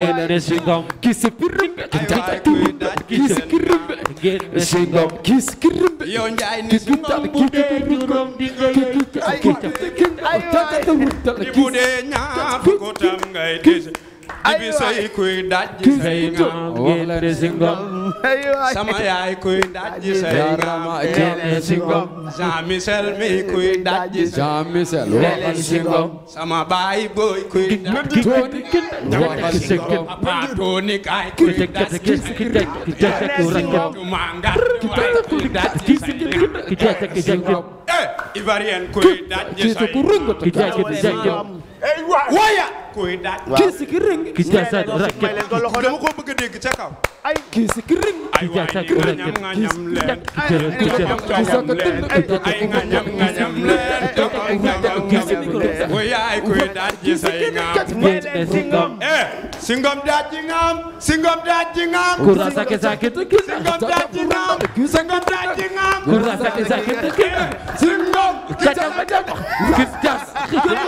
génne si ngom kis kirumbe kis kirumbe génne si ngom kis kirumbe yow njaay ni si ngom bu dee juróom di nga yëg ay waay ay waay bu dee ñaar ko tam ngay dese dibi sey kuy daj sey ngam génne si ngom sama yaay kuy daj sey ngam génne si ngom Jean Michel mi kuy daj Jean Michel génne si ngom sama baay booy kuy daj si ngom papa Tony kaay kuy daj si ngom mangar waay kuy daj si ngom eh Ivoirien kuy daj sey ngom waya koy daaj. waaw kii si ki ring. kii si ki ring dama ko bëgg a dégg ca kaw. ay kii si ki ring. ay waay ay nga ñam nga ñam leen. kii si ki ring ay nga ñam nga ñam leen. ay nga ñam nga ñam leen. waaye ay koy daaj ji say ngam. eh singom daaj ji ngam. singom daaj ji ngam. kura sake sake te kii. singom daaj ji ngam. singom daaj ji ngam. kura sake sake te kii. singom. kii si ki ring.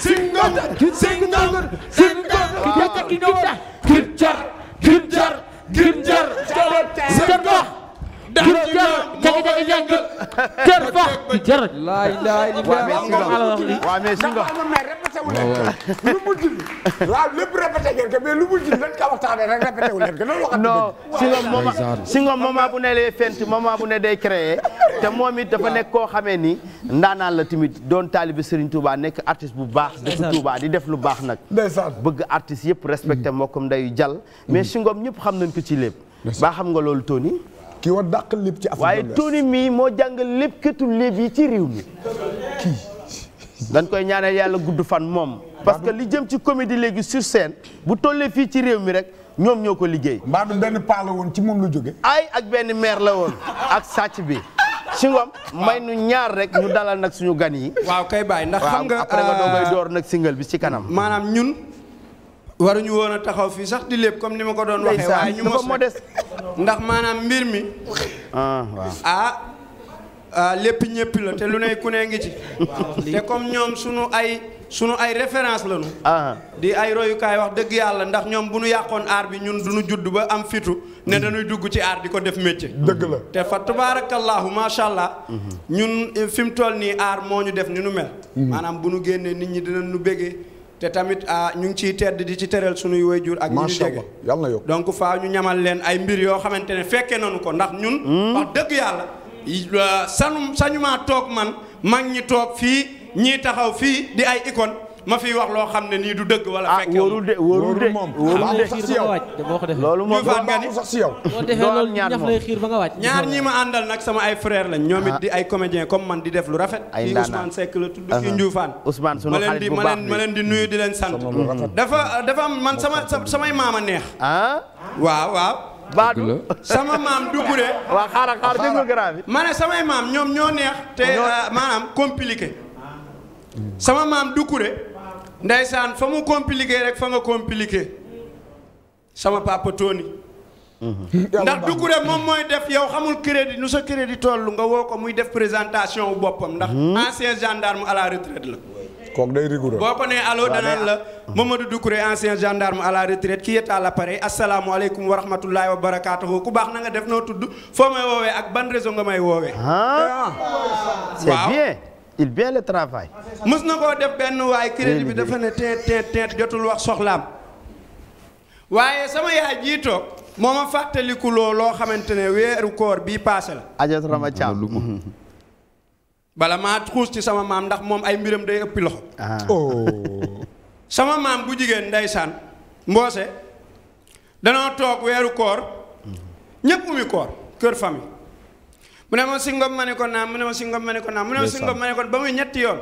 Singota, singota, singota, singota, singota, koy nekk kër fax jërë. laa ilaaha bu ne lay fent moment bu ne day créé te moom it dafa nekk koo xamee ni ndaanaan la tamit doon taalibe Serigne Touba nekk artiste bu baax dëkk Touba di def lu baax nag bëgg artiste yëpp respecté mm. mbokkum ndeyu jàll mais mm. si ngoom ñëpp xam nañ ko ci lépp xam nga loolu Tony kii war dàq lépp ci Afrique waaye Tony mii moo jàngal lépp këtu lépp yi ci réew mi. kii. dañ koy ñaanal yàlla gudd fan moom. parce que li jëm ci di léegi su seen bu tollee fii ci réew mi rek ñoom ñoo ko liggéey. mbaa du benn paa woon ci moom la jóge ay ak benn maire la woon ak sàcc bi. si ngoom may nu ñaar rek ñu dalal nag suñu gan yi. waaw kay bàyyi ndax xam nga après nga doogay euh, door nag single bi ci kanam. maanaam ñun. waruñu woon a taxaw fii sax di lépp comme ni ma ko doon waxee waaye ñu mos ndax maanaam mbir mi ah, ah ah lépp ñëpp la te lu ne ku nee ngi ci te comme ñoom sunu ay sunu ay référence lañu ah. di ay royukaay wax dëgg yàlla ndax ñoom bu ñu yàqoon aar bi ñun duñu judd ba am fitu ne mm. dañuy dugg ci aar di ko def métier mm. dëgg la te fa tabaarakallaahu macha allah mm-hmm. ñun eh, fi mu toll nii aar moo ñu def ni nu mel mm. maanaam bu nu génnee nit ñi dinañ nu bégee te tamit ah, ñu ngi ciy tedd di ci tëral suñuy waajur ak ñu ñu jege yàlla na donc faa ñu ñamal leen ay mbir yoo xamante ne fekkee nañu ko ndax ñun hmm? wax dëgg yàlla ah, sanu sañumaa toog man mag ñi toog fii ñii taxaw fii di ay icône ma fi wax loo xam ne nii du dëgg wala ah, fekke wóorul de wóorul de wóorul de sax si yow loolu moom baaxul sax si yow boo defee ba nga wàcc ñaar ñi ma àndal nag sama ay frère lañ ñoom it ah. di ay di def lu rafet kii Ousmane Seck la tudd kii uh-huh. Ndioufane Ousmane sunu xarit bu baax ma leen di nuyu di leen dafa am man sama samay maama neex ah waaw waaw baadu sama maam du gure waaw xaaral bi ma samay maam ñoom ñoo neex te euh, maanaam compliqué sama maam du gure ndeysaan fa mu compliqué rek fa nga compliqué sama papa Tony mm-hmm. ndax Doucouré moom mooy def yow xamul crédit nu sa crédit toll nga woo ko muy def présentation boppam ndax mm-hmm. ancien gendarme à la retraite la kooku day rigoureux boo ko nee allo danaan la ah, Mamadou Doucouré ancien gendarme à la retraite qui est la l'appareil asalaamualeykum wa rahmatullahi wa barakaatuhu ku baax na nga def noo tudd foo may woowee ak ban réseau nga may woowee ah il bien le travail. mës na koo def benn waaye crédit bi dafa ne teet teet jotul wax soxlaam waaye sama yaay jii toog moo ma fàttaliku loo loo xamante ne weeru koor bii paase la. ajat rama caam bala maa xuus ci sama maam ndax moom ay mbiram day ëppi loxo. Ah. Oh. sama maam bu jigéen ndeysaan mboose danoo toog weeru koor mm-hmm. ñépp koor kër famille mu ne ma si ngom ma ne ko naam mu ne ma si ngom ma ne ko naam mu ne ma si ngom ma ne ko ba muy ñetti yoon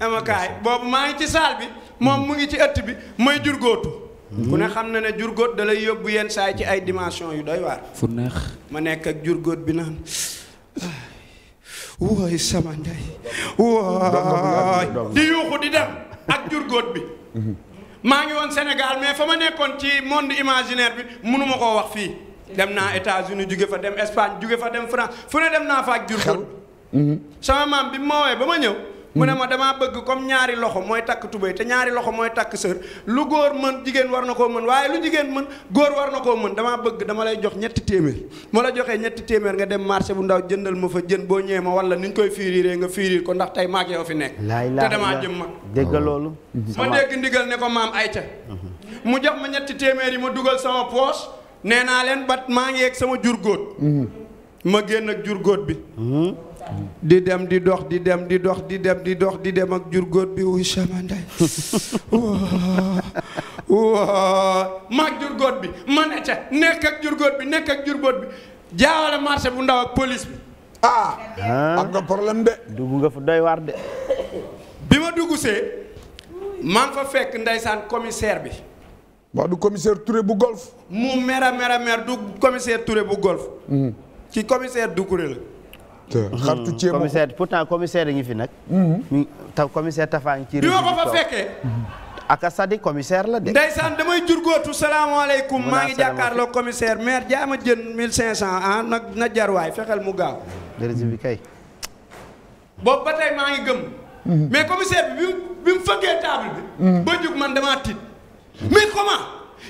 ama oh. kaay boobu maa ngi ci saal bi moom mu ngi ci ëtt bi may jur góotu ku ne xam na ne jur góot da lay yóbbu yenn saay ci ay dimension yu doy waar fu neex ma nekk ak jur góot bi naan wooy sama ndey wooy di yuuxu di dem ak jur góot bi mm-hmm. maa ngi woon Sénégal mais fa ma nekkoon ci monde imaginaire bi mënuma koo wax fii dem naa états uni juge fa dem Espagne juge fa dem France fu ne dem naa fa ak jur mhm. sama maam bi ma woowee ba ma ñëw. mu ne mhm. ma damaa bëgg comme ñaari loxo mooy takk tubéy te ñaari loxo mooy takk sër lu góor mën jigéen war na koo mën waaye lu jigéen mën góor war na koo mën damaa bëgg dama lay jox ñetti téeméer ma la joxee ñetti téeméer nga dem marché bu ndaw jëndal ma fa jën boo ñëwee ma wala ni ñu koy fiiriiree nga fiiriir ko ndax tey maak yow fi nekk te damaa jëm mag dégg oh. loolu ma dégg ndigal ne ko maam ayca mhm. mu jox ma ñetti téeméer yi ma dugal sama poche nee naa leen bat maa ngi yegg sama jur mhm. ma génn ak jur bi mhm. di dem di dox di dem di dox di dem di dox di dem ak jur bi wuy sama ndey waa maag bi ma ne ca nekk ak jur bi nekk ak jur bi jaawale marché bu ndaw ak police bi ah, ah. am nga problème de dugg nga fu doy waar de bi ma dugg see maa ngi fa fekk ndeysaan commissaire bi waaw du commissaire Touré bu golf. mu mera mera mer du commissaire Touré bu golf. ci hmm. commissaire kure la. Hmm. xaritu ceeb commissaire pourtant commissaire ngi fi nag. Hmm. taw commissaire Tafa ngi ci. ko fa fekkee. ak sadi commissaire la de. ndeysaan damay jurgóotu salaamaaleykum. maa ngi jàkkaarloo commissaire maire jaama jën 1500 ah nag na jar waay fexeel mu gaaw. dérégé bi kay. boobu ba tey maa ngi gëm. mais commissaire bi bi mu fëggee table bi. ba jug man damaa tiit. Mais comment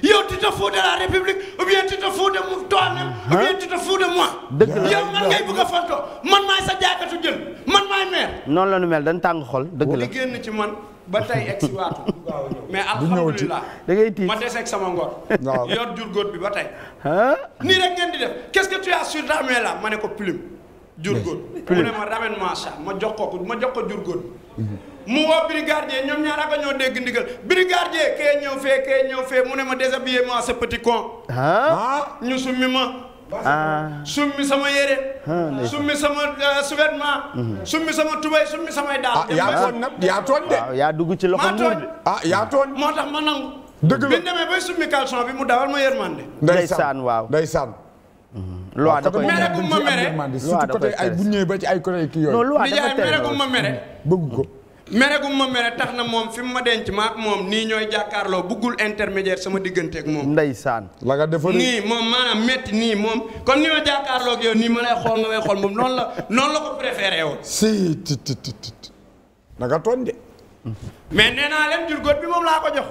yow tu te de la République ou bien tu de toi-même ou bien tu te de moi. dëgg la yow man ngay bëgg a fantoo man maay sa jaakatu jël man maay meer. noonu la nu mel dañ tàng xol dëgg la. di génn ci man ba tey egg si waatu. mais alhamdulilah da ngay tiit ma deseeg sama ngor. waaw jur góor bi ba tey. nii rek ngeen di def qu'est-ce que tu as ma ne ko plume. jur góor mu ne ma ramène-moi ma jox ko ma jox ko jur góor. mu woo brigadier ñoom ñaar ak ñoo dégg ndigal brigadier kee ñëw fee kee ñëw fee mu ne ma déshabillé moi ce petit con. ah, ah ñu summi ma. Ah. summi sama yére ah, summi sama euh, sous-vêtement mhm. summi sama tubay summi samay daal yaa de yaa dugg ci loxo muur de ah yaa nangu dëgg la bi demee summi caleçon bi mu dawal ma yërmande ndeysaan waaw ndeysaan mhm. loi da koy mere bu ma mere surtout côté ay bu ñëwee ba ci ay côté kii yooyu mere bu ma mere bëgg ko mere gu ma mere tax na moom fi mu ma denc ma moom nii ñooy jàkkaarloo buggul intermédiaire sama diggante ak moom. ndeysaan. la nga defal nii moom maanaam métti nii moom kon ni ma jàkkaarloo ak nii ma lay xool nga may xool moom noonu la noonu la ko préféré woon. si ti ti ti ti da de. mais nee naa leen jur góor bi moom laa ko jox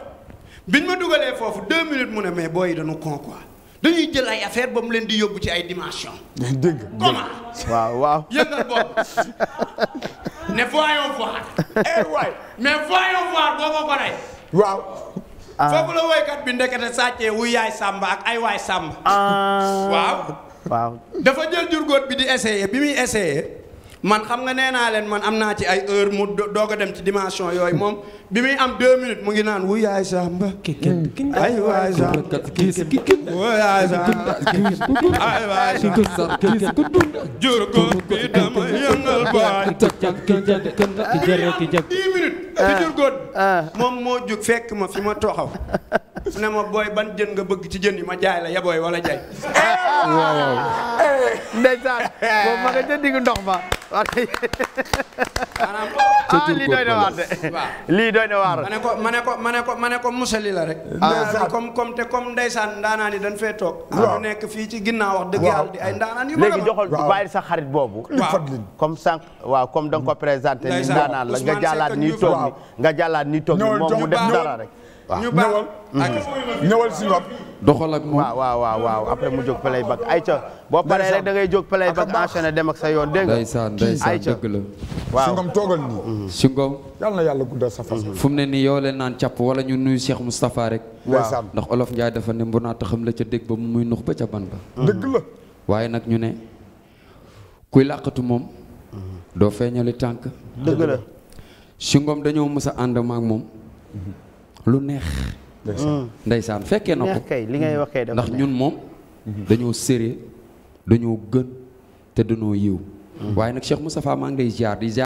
ñu ma dugalee foofu deux minutes mu ne mais booy yi dañu con quoi. dañuy jël ay affaire ba mu leen di yóbbu ci ay dimension. dégg nga comment. waaw ne voyons voir. eh waay mais voyons voir boo ko rey. waaw. Ah. foofu la woykat bi ndekete sàccee wu yaay sàmba ak ay waay sàmba. Ah. waaw. dafa jël jurgóot bi di essayer bi muy essayer. man xam nga nee naa leen man am naa ci ay heure mu doog a dem ci dimension yooyu moom bi muy am deux minutes mu ngi naan wu yaay samba ay waay samba wu yaay samba ay waay samba jur ko bi dama yëngal baay dix minutes ci ah. jur góot ah. moom moo jóg fekk ma fi ma toxaw ne ma booy ban jën nga bëgg ci jën yi ma jaay la yabooy wala jaay waaw ndeysaan boobu ma nga jëndi ndox ma waaw kay. ah lii doy na waar de. waar. ma ne ko ma ne ko ma ne ko ma ne ko musali la rek. ah comme comme te comme ndeysaan ndaanaan yi dañ fee toog. waaw nekk fii ci ginnaaw wax dëgg yàlla di ay ndaanaan yu. léegi joxol bàyyi sa xarit boobu. comme sànq waaw comme da nga ko présenté. ni ndaanaan la nga jàllaat nii toog ni nga jàllaat nii toog ni moom mu def dara rek. ñu bawal ah, mm-hmm. ñëwal si Ngom doxal ak moom mu jóg play back boo paree da ngay jóg play back enchaîné dem ak sa yoon dégg nga ndeysaan ndeysaan dëgg la waaw si mm-hmm. yàlla na yàlla guddal sa ne nii yow leen naan càpp wala ñu nuyu Cheikh Moustapha rek waaw ndax Olof Ndiaye dafa ne mbu naa la ca dégg ba mu muy nux ba ca ban ba mm-hmm. dëgg la waaye nag ñu ne kuy làqatu moom doo feeñali tànk dëgg la si Ngom dañoo mës a ànd maak moom lu neex. Mm. ndeysaan fekkee na ko kay li ngay wax kay ndax ñun moom. Mm-hmm. dañoo séré dañoo gën te dañoo yiw. Mm. waaye nag Cheikh Moustapha maa ngi di ziar.